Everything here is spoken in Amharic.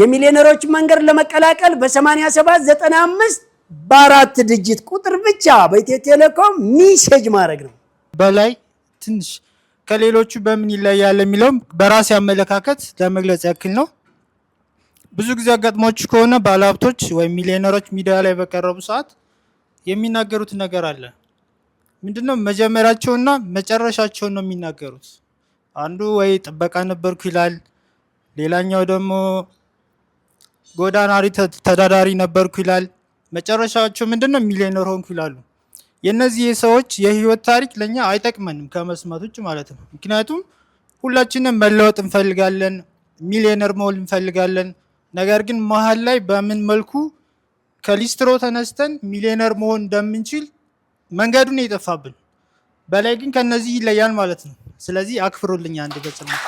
የሚሊዮነሮች መንገድ ለመቀላቀል በ 8795 95 በአራት ድጅት ቁጥር ብቻ በኢትዮ ቴሌኮም ሚሴጅ ማድረግ ነው። በላይ ትንሽ ከሌሎቹ በምን ይለያል የሚለውም በራሴ አመለካከት ለመግለጽ ያክል ነው። ብዙ ጊዜ አጋጥሞች ከሆነ ባለሀብቶች ወይም ሚሊዮነሮች ሚዲያ ላይ በቀረቡ ሰዓት የሚናገሩት ነገር አለ። ምንድነው? መጀመሪያቸውና መጨረሻቸውን ነው የሚናገሩት። አንዱ ወይ ጥበቃ ነበርኩ ይላል፣ ሌላኛው ደግሞ ጎዳና ተዳዳሪ ነበርኩ ይላል። መጨረሻቸው ምንድን ነው? ሚሊዮነር ሆንኩ ይላሉ። የእነዚህ ሰዎች የህይወት ታሪክ ለእኛ አይጠቅመንም ከመስማት ውጭ ማለት ነው። ምክንያቱም ሁላችንም መለወጥ እንፈልጋለን፣ ሚሊዮነር መሆን እንፈልጋለን። ነገር ግን መሀል ላይ በምን መልኩ ከሊስትሮ ተነስተን ሚሊዮነር መሆን እንደምንችል መንገዱን የጠፋብን በላይ ግን ከነዚህ ይለያል ማለት ነው። ስለዚህ አክፍሩልኝ አንድ ገጽ ነው።